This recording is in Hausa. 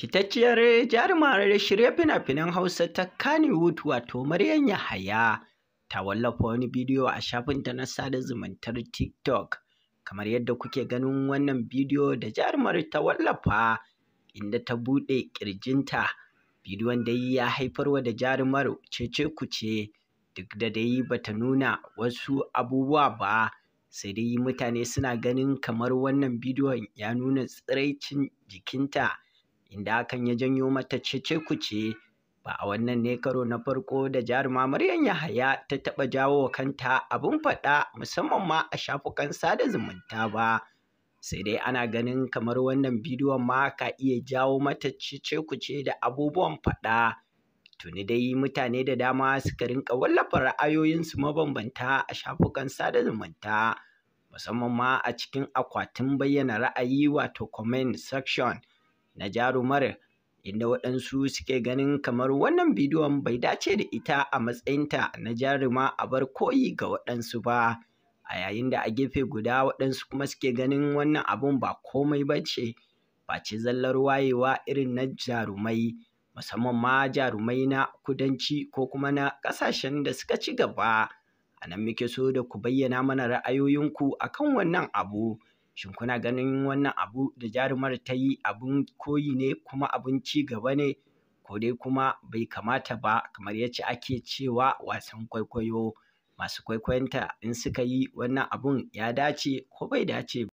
Fitacciyar jarumar shirya fina-finan Hausa ta Kannywood wato Maryam Yahaya ta wallafa wani bidiyo a shafinta na sada zumuntar TikTok. Kamar yadda kuke ganin wannan bidiyo da jarumar ta wallafa inda ta buɗe ƙirjinta. Bidiyon dai ya haifarwa da jarumar cece ce, duk da dai bata nuna wasu abubuwa ba. Sai dai mutane suna ganin kamar wannan bidiyon ya nuna tsiraicin jikinta. inda hakan ya janyo mata cece-kuce ba a wannan ne karo na farko da jaruma Maryam Yahaya ta taɓa jawo wa kanta abin faɗa musamman ma a shafukan sada zumunta ba sai dai ana ganin kamar wannan bidiyon ma ka iya jawo mata cece-kuce da abubuwan faɗa tuni dai mutane da dama suka rinka wallafa ra'ayoyinsu mabambanta a shafukan sada zumunta musamman ma a cikin akwatin bayyana ra'ayi wato comment section na jarumar inda waɗansu suke ganin kamar wannan bidiyon bai dace da ita a matsayinta na jaruma a bar koyi ga waɗansu ba a yayin da a gefe guda waɗansu kuma suke ganin wannan abun ba komai ba ce face zallar wayewa irin na jarumai musamman ma jarumai na kudanci ko kuma na ƙasashen da suka ci gaba a nan muke so da ku bayyana mana ra'ayoyinku akan wannan abu shin kuna ganin wannan abu da jarumar ta yi abun koyi ne kuma abun ci gaba ne ko dai kuma bai kamata ba kamar yacce ake cewa wasan kwaikwayo masu kwaikwayonta in suka yi wannan abun ya dace ko bai dace ba